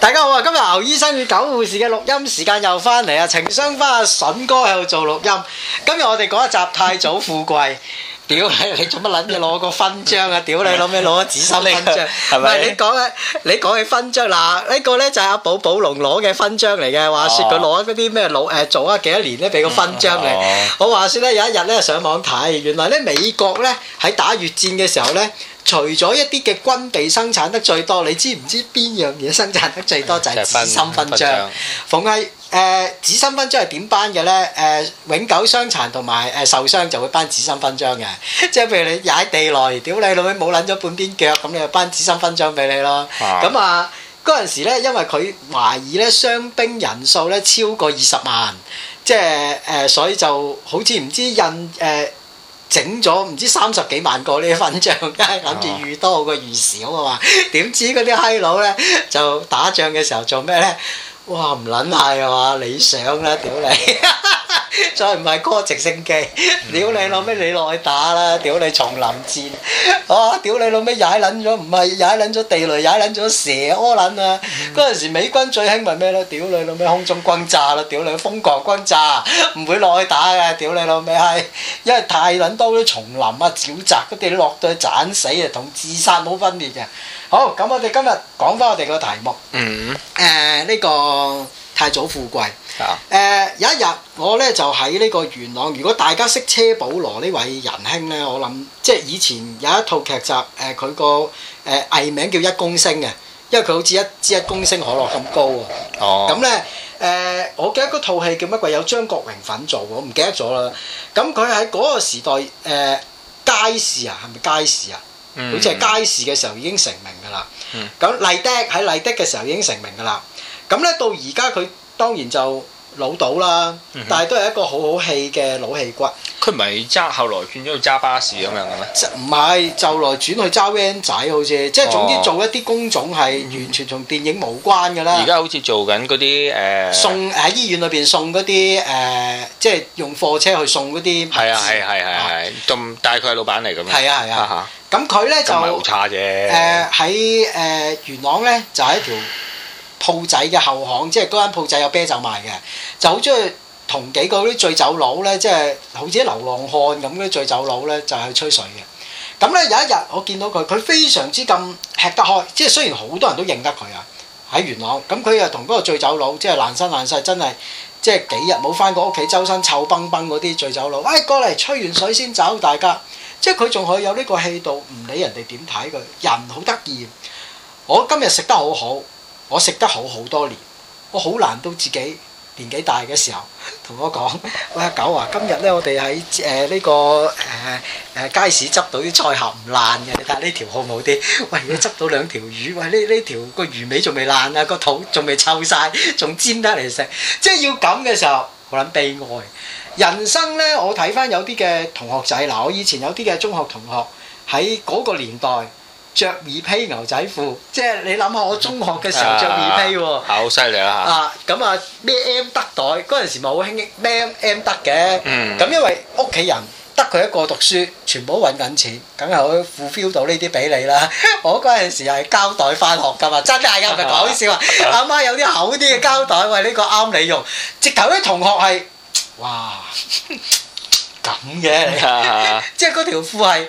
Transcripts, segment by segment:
大家好啊！今日牛醫生與九護士嘅錄音時間又翻嚟啊！情商翻阿筍哥喺度做錄音。今日我哋講一集太早富貴。 屌你，你做乜捻住攞個勳章啊？屌 你，攞咩攞紫心勳章？唔係你講嘅，你講起勳章嗱呢個呢就阿寶寶龍攞嘅勳章嚟嘅。話說佢攞嗰啲咩老誒做咗幾多年咧俾個勳章嚟。我 話說呢，有一日呢，上網睇，原來呢美國呢，喺打越戰嘅時候呢。除咗一啲嘅軍備生產得最多，你知唔知邊樣嘢生產得最多？就係、是、紫心勳章。凡係，誒、呃、紫心勳章係點頒嘅咧？誒、呃、永久傷殘同埋誒受傷就會頒紫心勳章嘅，即係譬如你踩地雷，屌你老味冇撚咗半邊腳，咁你就頒紫心勳章俾你咯。咁啊，嗰陣、啊、時咧，因為佢懷疑咧傷兵人數咧超過二十萬，即係誒，所以就好似唔知印誒。呃呃整咗唔知三十幾萬個呢啲勳章，梗係諗住預多過預少啊嘛？點知嗰啲閪佬呢，就打仗嘅時候做咩呢？「哇！唔撚係啊嘛，理 想啦屌你！Okay. 再唔係個直升機，屌你老味你落去打啦！屌你叢林戰，啊！屌你老味踩捻咗，唔係踩捻咗地雷，踩捻咗蛇窩捻啊！嗰陣時美軍最興咪咩咯？屌你老味空中轟炸咯！屌你瘋狂轟炸，唔會落去打嘅，屌你老味係，因為太捻多啲叢林啊，沼澤嗰啲，落到去斬死啊，同自殺冇分別嘅。好，咁我哋今日講翻我哋個題目，嗯，誒呢個太早富貴。誒、呃、有一日我咧就喺呢個元朗，如果大家識車保羅呢位仁兄咧，我諗即係以前有一套劇集，誒佢個誒藝名叫一公升嘅，因為佢好似一支一公升可樂咁高啊。哦，咁咧誒，我記得嗰套戲叫乜鬼？有張國榮粉做喎，我唔記得咗啦。咁佢喺嗰個時代，誒、呃、街市啊，係咪街市啊？嗯，好似係街市嘅時候已經成名㗎啦。嗯，咁麗，麗的喺麗的嘅時候已經成名㗎啦。咁咧到而家佢。當然就老到啦，但係都係一個好好戲嘅老戲骨。佢唔係揸後來轉咗去揸巴士咁樣嘅咩？唔係，就來轉去揸 van 仔，好似即係總之做一啲工種係完全同電影無關㗎啦、哦。而、嗯、家好似做緊嗰啲誒送喺醫院裏邊送嗰啲誒，即係用貨車去送嗰啲、啊。係啊係係係係，咁但係佢係老闆嚟㗎嘛。係啊係啊，咁佢咧就好差誒喺誒元朗咧就係一條鋪仔嘅後巷，即係嗰間鋪仔有啤酒賣嘅，就好中意同幾個嗰啲醉酒佬咧，即係好似流浪漢咁嗰啲醉酒佬咧，就去吹水嘅。咁咧有一日我見到佢，佢非常之咁吃得開，即係雖然好多人都認得佢啊，喺元朗。咁佢又同嗰個醉酒佬，即係爛身爛世，真係即係幾日冇翻過屋企，周身臭崩崩嗰啲醉酒佬。喂，過嚟吹完水先走，大家即係佢仲可以有呢個氣度，唔理人哋點睇佢，人好得意。我今日食得好好。我食得好好多年，我好難到自己年紀大嘅時候同我講：喂，狗啊，今日呢，我哋喺誒呢個誒誒、呃呃、街市執到啲菜盒唔爛嘅，你睇下呢條好唔好啲？喂，你執到兩條魚，喂呢呢條個魚尾仲未爛啊，個肚仲未臭晒，仲煎得嚟食，即係要咁嘅時候，我諗悲哀。人生呢，我睇翻有啲嘅同學仔，嗱，我以前有啲嘅中學同學喺嗰個年代。着耳披牛仔褲，即係你諗下，我中學嘅時候着耳披喎，好犀利啦嚇！啊咁啊，咩 M 得袋，嗰陣時咪好興咩 M 得嘅，咁因為屋企人得佢一個讀書，全部揾緊錢，梗係會 fulfill 到呢啲畀你啦。我嗰陣時係膠袋返學㗎嘛，真係㗎唔係講笑啊！阿媽、啊、有啲厚啲嘅膠袋，喂呢個啱你用，直頭啲同學係哇咁嘅，即係嗰條褲係。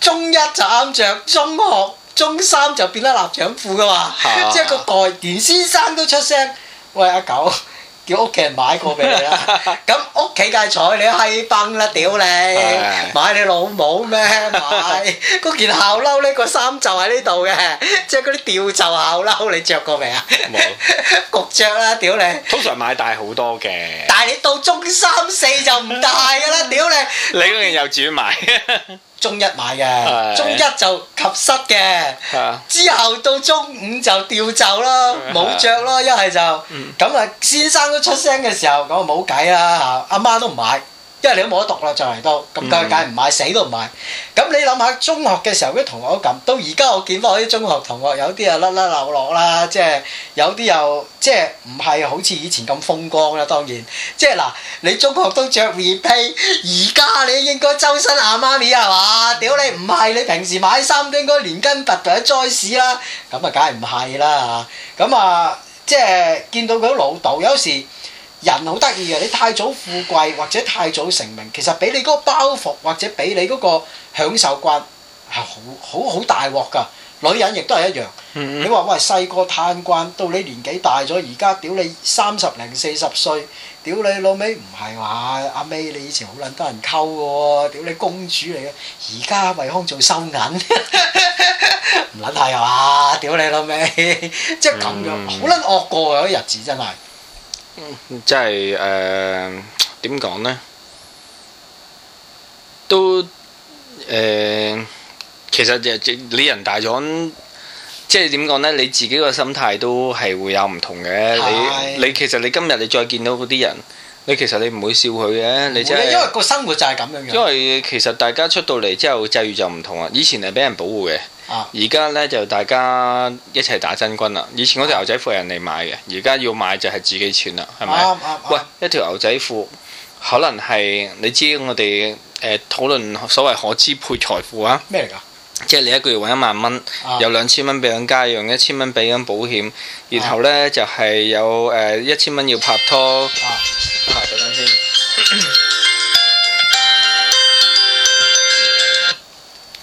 中一就啱著，中學中三就變得立長褲噶嘛，即係個代言先生都出聲，喂阿狗，叫屋企人買過俾你啦。咁屋企梗係睬你閪崩啦，屌你！買你老母咩？買嗰件校褸呢，個衫就喺呢度嘅，即係嗰啲吊袖校褸，你著過未啊？冇，焗著啦，屌你！通常買大好多嘅，但係你到中三四就唔大噶啦，屌你！你嗰件又轉埋。中一買嘅，中一就及膝嘅，啊、之後到中五就掉袖啦，冇着咯，一係就咁啊、嗯！先生都出聲嘅時候，咁啊冇計啦，阿媽都唔買。因為你都冇得讀啦，就嚟到咁梗係梗唔買，嗯、死都唔買。咁你諗下，中學嘅時候啲同學都咁，到而家我見返我啲中學同學有啲又甩甩流落啦，即係有啲又即係唔係好似以前咁風光啦。當然，即係嗱，你中學都着棉被，而家你應該周身阿、啊、媽咪係嘛？屌你，唔係你平時買衫都應該連根拔拔去災市啦。咁啊，梗係唔係啦嚇？咁啊，即係見到佢老豆有時。人好得意啊！你太早富貴或者太早成名，其實俾你嗰個包袱或者俾你嗰個享受慣係好好好大鑊㗎。女人亦都係一樣。嗯、你話喂細個嘆慣，到你年紀大咗，而家屌你三十零四十歲，屌你老味唔係話阿 May，你以前好撚得人溝嘅喎，屌你公主嚟嘅，而家惠康做收銀唔撚係喎，屌 你老味， 即係咁樣好撚惡過嗰啲日子真係。即係誒，點講呢？都、呃、其實就你人大咗，即係點講呢？你自己個心態都係會有唔同嘅。的你你其實你今日你再見到嗰啲人，你其實你唔會笑佢嘅。你真係因為個生活就係咁樣嘅。因為其實大家出到嚟之後，際遇就唔同喇。以前係俾人保護嘅。而家呢，就大家一齊打真軍啦！以前嗰條牛仔褲人哋買嘅，而家要買就係自己錢啦，係咪？啱啱、啊。啊啊、喂，一條牛仔褲可能係你知我哋誒、呃、討論所謂可支配財富啊？咩嚟㗎？即係你一個月揾一萬蚊，啊、有兩千蚊俾緊家，用一千蚊俾緊保險，然後呢，啊、就係有誒、呃、一千蚊要拍拖。啊，啊，等等先。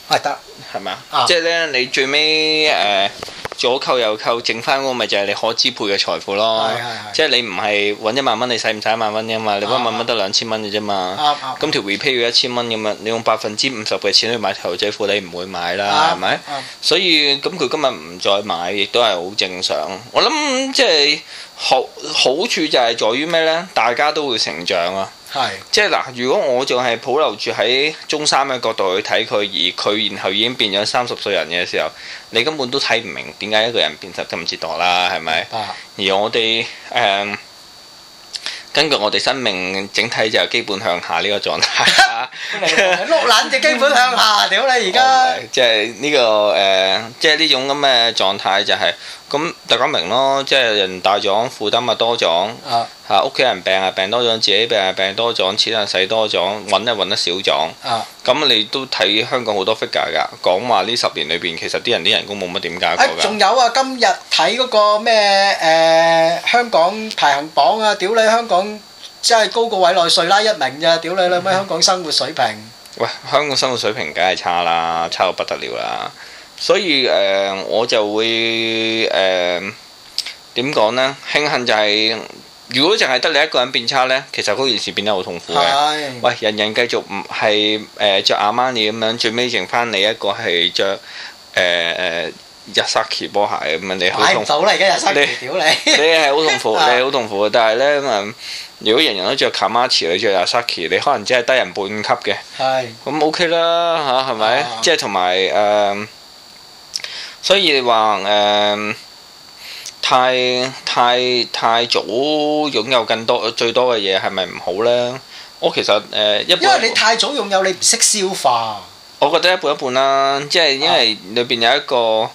係得，係咪？啊、即係咧，你最尾誒、呃、左扣右扣，剩翻嗰個咪就係你可支配嘅財富咯。是是是，即係你唔係揾一萬蚊，你使唔使一萬蚊啫嘛？你一萬蚊得兩千蚊嘅啫嘛。咁條回批要一千蚊咁嘛？你用百分之五十嘅錢去買條仔褲，你唔會買啦，係咪、啊啊？所以咁佢今日唔再買，亦都係好正常。我諗即係好好處就係在於咩呢？大家都會成長啊！係，即係嗱，如果我仲係保留住喺中三嘅角度去睇佢，而佢然後已經變咗三十歲人嘅時候，你根本都睇唔明點解一個人變得咁折墮啦，係咪？而我哋誒、嗯，根據我哋生命整體就基本向下呢個狀態。 碌卵只基本向下，屌你而家！即係呢個誒，即係呢種咁嘅狀態就係咁，大家明咯。即係人大咗，負擔咪多咗，吓屋企人病啊，病多咗，自己病啊，病多咗，錢啊，使多咗，搵又搵得少咗啊！咁你都睇香港好多 figure 噶，講話呢十年裏邊，其實啲人啲人工冇乜點解？仲有啊，今日睇嗰個咩誒、呃、香港排行榜啊，屌你香港！真係高過委內瑞拉啦，一名咋？屌你老味！香港生活水平，喂，香港生活水平梗係差啦，差到不得了啦。所以誒，我就會誒點講咧？慶幸就係，如果淨係得你一個人變差咧，其實嗰件事變得好痛苦嘅。喂，人人繼續唔係誒著阿曼尼咁樣，最尾剩翻你一個係著誒誒日沙奇波鞋咁樣，你好痛。買唔到啦，而家日沙奇，屌你！你係好痛苦，你係好痛苦，但係咧咁。如果人人都着卡馬遜，你着阿 Saki，你可能只係低人半級嘅，咁 OK 啦嚇，係咪？啊、即係同埋誒，所以你話誒、呃，太太太早擁有更多最多嘅嘢係咪唔好咧？我其實誒、呃、一半一半，因為你太早擁有，你唔識消化。我覺得一半一半啦，即係因為裏邊有一個。啊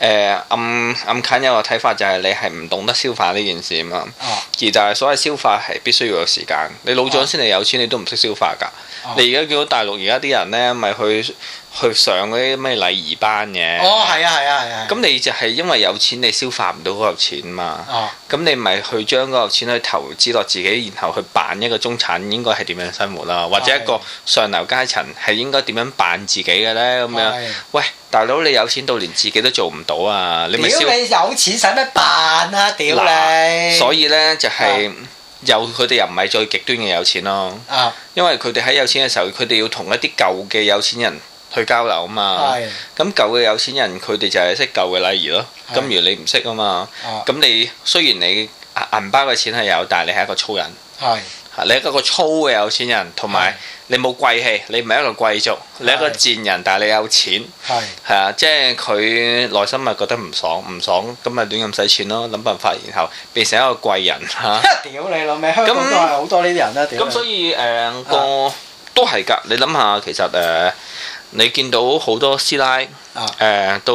誒，暗暗近有個睇法就係，你係唔懂得消化呢件事啊嘛，而就係所謂消化係必須要有時間，你老咗先至有錢，啊、你都唔識消化㗎。啊、你而家見到大陸而家啲人咧，咪去。去上嗰啲咩禮儀班嘅哦，係啊，係啊，係、啊。咁你就係因為有錢，你消化唔到嗰個錢嘛。哦。咁你咪去將嗰個錢去投資落自己，然後去扮一個中產應該係點樣生活啦，或者一個上流階層係應該點樣扮自己嘅呢？咁樣。啊啊、喂，大佬，你有錢到連自己都做唔到啊！你咪消。你有錢，使乜扮啊？屌你！所以呢，就係又佢哋又唔係最極端嘅有錢咯。啊、因為佢哋喺有錢嘅時候，佢哋要同一啲舊嘅有錢人去交流啊嘛，咁是的 舊嘅有錢人佢哋就係識舊嘅禮儀咯。咁如你唔識啊嘛，咁你雖然你銀包嘅錢係有，但係你係一個粗人。係，你係一個粗嘅有錢人，同埋你冇貴氣，你唔係一個貴族，你係一個賤人，但係你有錢。係，是的 啊，即係佢內心咪覺得唔爽，唔爽咁咪亂咁使錢咯，諗辦法，然後變成一個貴人嚇。屌你老味，香港都係好多呢啲人啊！屌。咁所以誒、呃、個都係㗎，你諗下其實誒。呃你見到好多師奶，誒、呃、到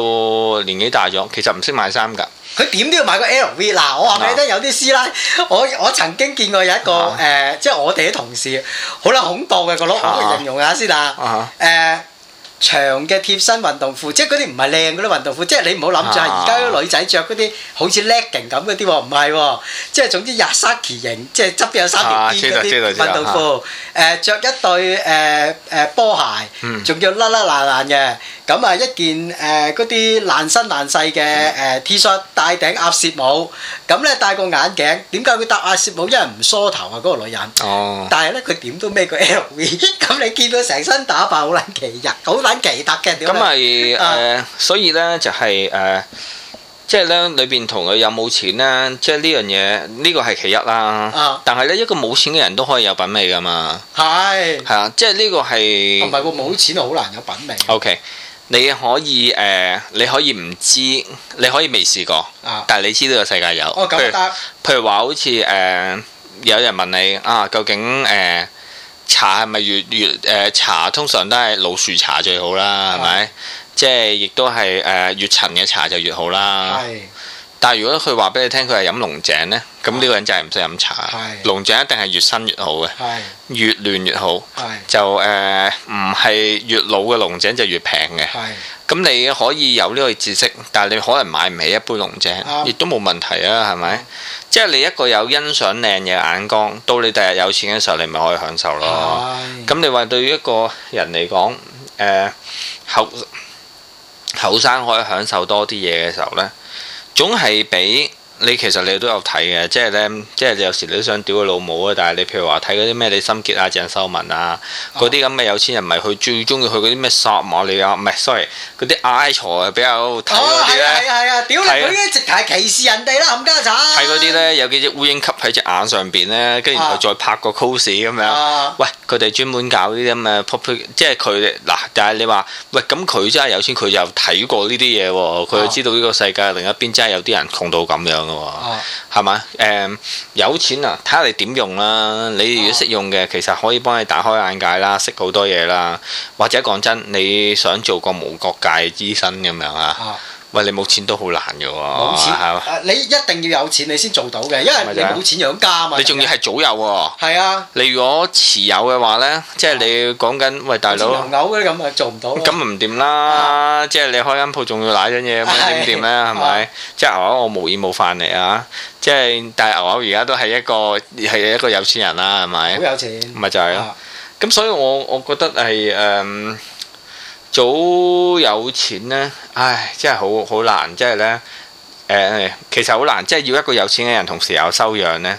年紀大咗，其實唔識買衫㗎。佢點都要買個 LV 嗱，我話畀你聽，有啲師奶，我我曾經見過有一個誒、呃，即係我哋啲同事，好啦，恐怖嘅、嗰個佬，啊、我嚟形容下先啦，誒、啊。啊呃長嘅貼身運動褲，即係嗰啲唔係靚嗰啲運動褲，即係你唔好諗住係而家啲女仔著嗰啲好似 legging 咁嗰啲喎，唔係喎，即係總之日 saki 型，即係側邊有三條邊嗰啲運動褲，誒著一對誒誒波鞋，仲要甩甩爛爛嘅，咁啊一件誒嗰啲爛身爛細嘅誒 T 恤，戴頂鴨舌帽，咁咧戴個眼鏡，點解會戴鴨舌帽？因為唔梳頭啊，嗰個女人。哦，但係咧佢點都孭個 LV，咁你見到成身打扮好撚奇日，好撚～咁咪誒，所以、就係呃就係、有有呢就係、是、誒，即係呢裏邊同佢有冇錢咧，即係呢樣嘢，呢個係其一啦。啊、但係呢，一個冇錢嘅人都可以有品味噶嘛。係係是 啊，即係呢個係唔係喎？冇錢好難有品味。O、okay, K，你可以誒、呃，你可以唔知，你可以未試過，啊、但係你知呢個世界有。啊、哦，咁得。譬如話，好似誒，有人問你啊，究竟誒？呃茶係咪越越誒、呃、茶通常都係老樹茶最好啦，係咪 Yeah.？即、就、係、是、亦都係誒、呃、越陳嘅茶就越好啦。Yeah. 但係如果佢話俾你聽佢係飲龍井咧，咁呢個人就係唔使飲茶。龍井一定係越新越好嘅，越嫩越好。就誒，唔係越老嘅龍井就越平嘅。咁你可以有呢個知識，但係你可能買唔起一杯龍井，亦都冇問題啊，係咪？即係你一個有欣賞靚嘢眼光，到你第日有錢嘅時候，你咪可以享受咯。咁你話對於一個人嚟講，誒後後生可以享受多啲嘢嘅時候咧？總係比。你其實你都有睇嘅，即係咧，即係你有時你都想屌佢老母啊！但係你譬如話睇嗰啲咩李心潔啊、鄭秀文啊，嗰啲咁嘅有錢人，咪去最中意去嗰啲咩索馬利亞，唔係，sorry，嗰啲 I 財比較睇咧。哦，係屌你，佢已直頭係歧視人哋啦，冚家鏟。睇嗰啲咧，有幾隻烏蠅吸喺隻眼上邊咧，跟住再拍個 cos 咁樣。喂，佢哋專門搞啲咁嘅即係佢嗱，但係你話喂咁佢真係有錢，佢又睇過呢啲嘢喎，佢又知道呢個世界另一邊真係有啲人窮到咁樣。係嘛？誒、啊嗯，有錢啊，睇下你點用啦。你如果識用嘅，啊、其實可以幫你打開眼界啦，識好多嘢啦。或者講真，你想做個無國界醫生咁樣啊。喂，你冇錢都好難嘅喎，冇錢係嘛？你一定要有錢你先做到嘅，因為你冇錢養家啊嘛。你仲要係早有喎？係啊。你如果持有嘅話咧，即係你講緊，喂，大佬牛咧咁啊，做唔到。咁唔掂啦！即係你開間鋪，仲要奶咗嘢，點掂咧？係咪？即係牛牛，我無意無犯嚟啊！即係，但係牛牛而家都係一個係一個有錢人啦，係咪？好有錢。咪就係咯。咁所以我我覺得係誒。早有錢呢，唉，真係好好難，即係呢，誒，其實好難，即係要一個有錢嘅人同時有修養呢，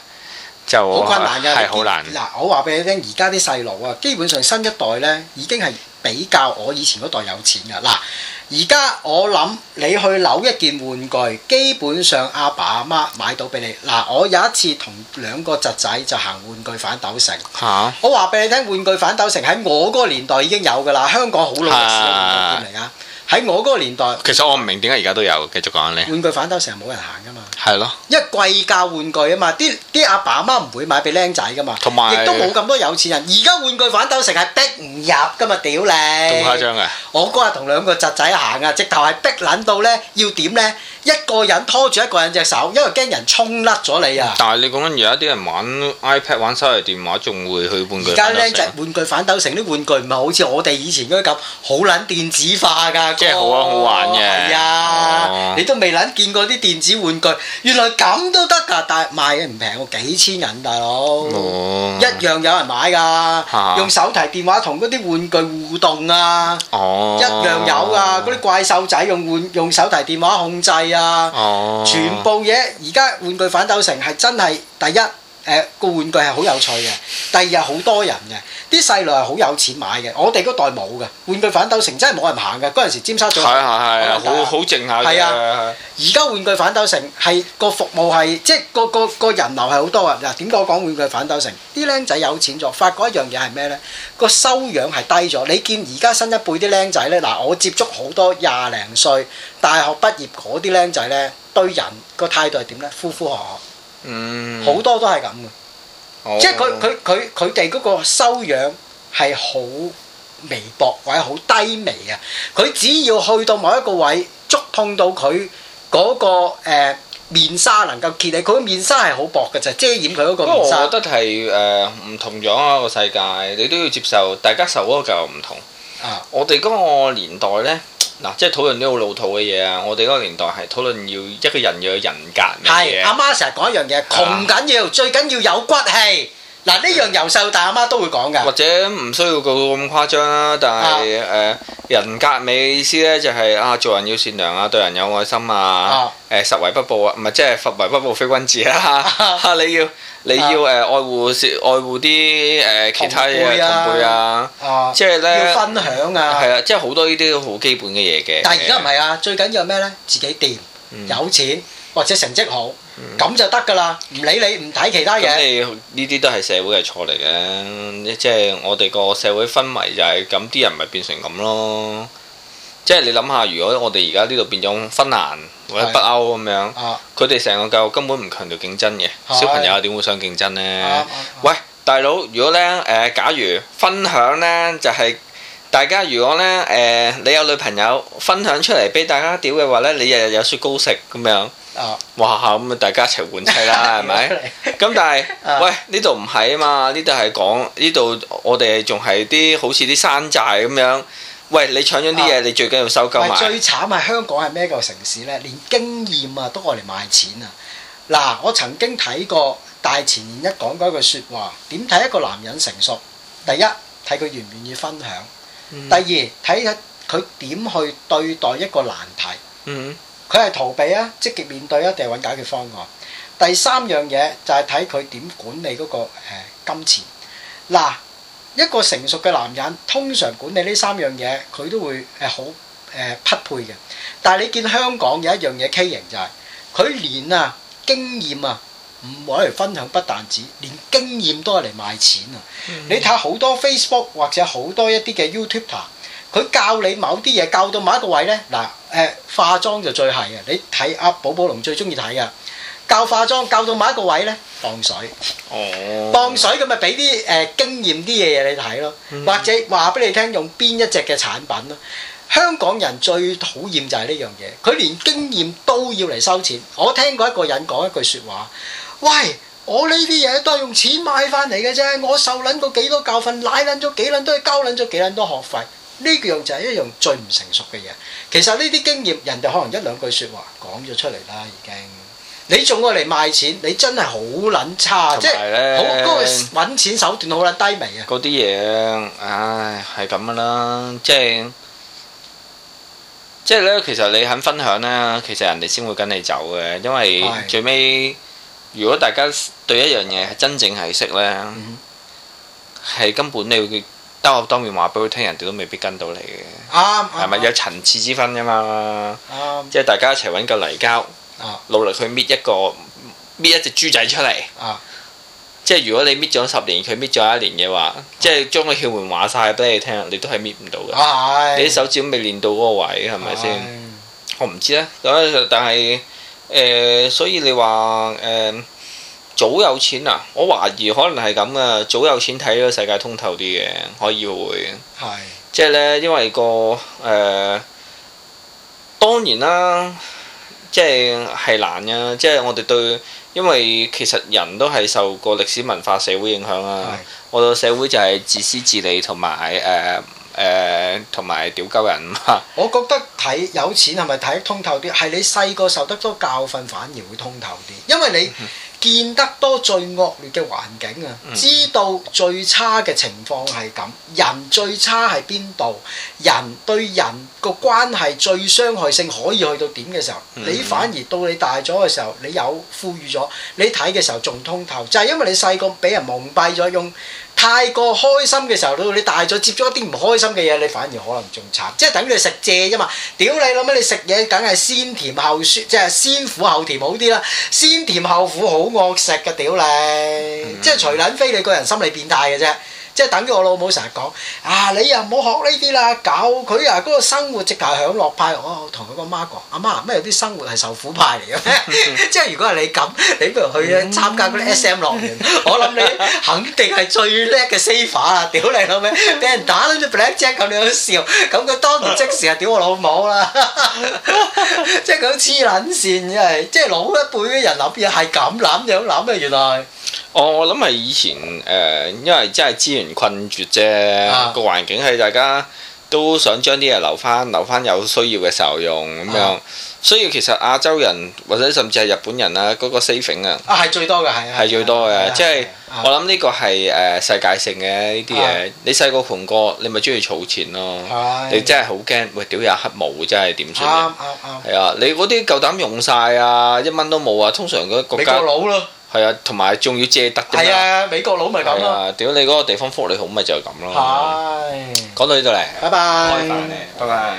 就好困難嘅，係好難。嗱，我話俾你聽，而家啲細路啊，基本上新一代呢已經係。比較我以前嗰代有錢㗎嗱，而家我諗你去扭一件玩具，基本上阿爸阿媽買到俾你嗱。我有一次同兩個侄仔就行玩具反斗城，啊、我話俾你聽，玩具反斗城喺我嗰個年代已經有㗎啦，香港好耐嘅店嚟㗎。啊喺我嗰個年代，其實我唔明點解而家都有繼續講呢，玩具反斗城冇人行噶嘛？係咯，因為貴價玩具啊嘛，啲啲阿爸阿媽唔會買俾僆仔噶嘛，同埋亦都冇咁多有錢人。而家玩具反斗城係逼唔入噶嘛，屌你！好誇張呀。我嗰日同兩個侄仔行啊，直頭係逼撚到咧，要點咧？一個人拖住一個人隻手，因為驚人衝甩咗你啊！但係你講緊而家啲人玩 iPad、玩手提電話，仲會去玩具，而家咧隻玩具反斗城啲玩具唔係好似我哋以前嗰啲咁好撚電子化㗎，即係好啊，好玩嘅。係啊，你都未撚見過啲電子玩具，原來咁都得㗎，但係賣唔平喎，幾千銀，大佬。哦。一樣有人買㗎，用手提電話同嗰啲玩具互動啊。哦。一樣有啊，嗰啲怪獸仔用換用手提電話控制啊，啊全部嘢而家玩具反斗城係真係第一，誒、呃、個玩具係好有趣嘅，第二又好多人嘅。啲細路係好有錢買嘅，我哋嗰代冇嘅，玩具反斗城真係冇人行嘅。嗰陣時，尖沙咀係啊係啊，好好靜下嘅、啊。而家、啊啊、玩具反斗城係個服務係，即係個個個人流係好多啊！嗱，點解我講玩具反斗城？啲僆仔有錢咗，發覺一樣嘢係咩咧？個修養係低咗。你見而家新一輩啲僆仔咧，嗱，我接觸好多廿零歲大學畢業嗰啲僆仔咧，對人個態度係點咧？呼呼喝喝，嗯，好多都係咁嘅。即係佢佢佢佢哋嗰個修養係好微薄或者好低微啊！佢只要去到某一個位，觸碰到佢嗰，那個呃就是，個面紗，能夠揭起佢面紗係好薄嘅就遮掩佢嗰個。不過我覺得係誒唔同樣啊。個世界，你都要接受，大家受嗰教育唔同。啊、我哋嗰個年代咧。嗱，即係討論啲好老土嘅嘢啊！我哋嗰個年代係討論要一個人要有人格嘅嘢。係，阿媽成日講一樣嘢，窮緊要，啊、最緊要有骨氣。嗱，呢樣由細到大阿媽、媽都會講嘅，或者唔需要個咁誇張啦。但係誒、啊呃、人格美意思咧就係、是、啊，做人要善良啊，對人有愛心啊，誒十圍不報啊，唔係即係十圍不報非君子啦。 你要你要誒愛護愛護啲誒其他嘅同輩啊，即係咧要分享啊，係啦、啊，即係好多呢啲好基本嘅嘢嘅。但係而家唔係啊，最緊要係咩咧？自己掂有錢或者成績好。咁就得噶啦，唔理你唔睇其他嘢。咁你呢啲都係社會嘅錯嚟嘅，即係我哋個社會氛圍就係咁，啲人咪變成咁咯。即係你諗下，如果我哋而家呢度變咗芬蘭或者北歐咁樣，佢哋成個教育根本唔強調競爭嘅，小朋友點會想競爭呢？喂，大佬，如果呢，誒，假如分享呢，就係。大家如果咧誒，你有女朋友分享出嚟俾大家屌嘅話咧，你日日有雪糕食咁樣啊！哇嚇咁啊，大家一齊換妻啦，係咪？咁但係喂呢度唔係啊嘛，呢度係講呢度我哋仲係啲好似啲山寨咁樣。喂，你搶咗啲嘢，你最緊要收鳩埋。最慘係香港係咩個城市咧？連經驗啊都攞嚟賣錢啊！嗱，我曾經睇過大前年一講嗰句説話，點睇一個男人成熟？第一睇佢願唔願意分享。第二睇下佢點去對待一個難題，佢係、嗯、哼逃避啊，積極面對啊，定係揾解決方案？第三樣嘢就係睇佢點管理嗰、那個、呃、金錢。嗱，一個成熟嘅男人通常管理呢三樣嘢，佢都會係好誒匹配嘅。但係你見香港有一樣嘢畸形就係佢連啊經驗啊。唔攞嚟分享，不但止，連經驗都係嚟賣錢啊！嗯、你睇好多 Facebook 或者好多一啲嘅 YouTuber，佢教你某啲嘢，教到某一個位呢。嗱誒、呃、化妝就最係嘅，你睇阿、啊、寶寶龍最中意睇啊，教化妝教到某一個位呢，磅水哦磅水咁咪俾啲誒經驗啲嘢你睇咯，嗯、或者話俾你聽用邊一隻嘅產品咯。香港人最討厭就係呢樣嘢，佢連經驗都要嚟收錢。我聽過一個人講一句説話。喂，我呢啲嘢都係用錢買翻嚟嘅啫。我受撚過幾多教訓，舐撚咗幾撚，都係交撚咗幾撚多學費。呢樣就係一樣最唔成熟嘅嘢。其實呢啲經驗，人哋可能一兩句説話講咗出嚟啦，已經。你仲過嚟賣錢，你真係好撚差，即係，好嗰個揾錢手段好撚低微啊！嗰啲嘢，唉，係咁噶啦，即係即係咧。其實你肯分享啦。其實人哋先會跟你走嘅，因為最尾。如果大家對一樣嘢係真正係識呢，係根本你會當我當面話俾佢聽，人哋都未必跟到你嘅。啱，係咪有層次之分噶嘛？即係大家一齊揾個泥膠，努力去搣一個搣一隻豬仔出嚟。即係如果你搣咗十年，佢搣咗一年嘅話，即係將個竅門話晒俾你聽，你都係搣唔到嘅。你啲手指都未練到嗰個位，係咪先？我唔知呢，但係。誒、呃，所以你話誒、呃、早有錢啊？我懷疑可能係咁啊。早有錢睇個世界通透啲嘅，可以會嘅。係是即係咧，因為個誒、呃、當然啦，即係係難嘅，即係我哋對，因為其實人都係受過歷史文化社會影響啊。是我哋社會就係自私自利同埋誒。呃誒同埋屌鳩人， 我覺得睇有錢係咪睇通透啲？係你細個受得多教訓，反而會通透啲。因為你見得多最惡劣嘅環境啊，知道最差嘅情況係咁，人最差係邊度？人對人個關係最傷害性可以去到點嘅時候，你反而到你大咗嘅時候，你有富裕咗，你睇嘅時候仲通透，就係、是、因為你細個俾人蒙蔽咗用。太過開心嘅時候，到你大咗接觸一啲唔開心嘅嘢，你反而可能仲慘，即係等於你食蔗啫嘛。屌你諗下你食嘢梗係先甜後酸，即係先苦後甜好啲啦。先甜後苦好惡食㗎，屌你，mm hmm. 即係除撚非你個人心理變態嘅啫。即係等於我老母成日講啊，你又冇學呢啲啦，搞佢啊嗰個生活直頭係享樂派。我同佢個媽講：阿媽，咩有啲生活係受苦派嚟嘅咩？ 即係如果係你咁，你不如去參加嗰啲 SM 樂園。嗯、我諗你肯定係最叻嘅 saver，屌你老味，俾人打到 Black 你 blackjack 咁樣笑。咁佢當年即時就屌我老母啦 即係咁黐撚線，真係即係老一輩嘅人諗嘢係咁諗，樣諗啊，原來。我我諗係以前誒，因為真係資源困絕啫，個環境係大家都想將啲嘢留翻，留翻有需要嘅時候用咁樣。所以其實亞洲人或者甚至係日本人啦，嗰個 saving 啊，係最多嘅，係係最多嘅，即係我諗呢個係誒世界性嘅呢啲嘢。你細個窮過，你咪中意儲錢咯。你真係好驚，喂，屌有黑毛真係點算？係啊，你嗰啲夠膽用晒啊，一蚊都冇啊。通常嗰個係啊，同埋仲要借得㗎嘛。係啊，美國佬咪咁咯。屌你嗰個地方福利好，咪就係咁咯。係的。講到呢度嚟，拜拜，拜拜。拜拜。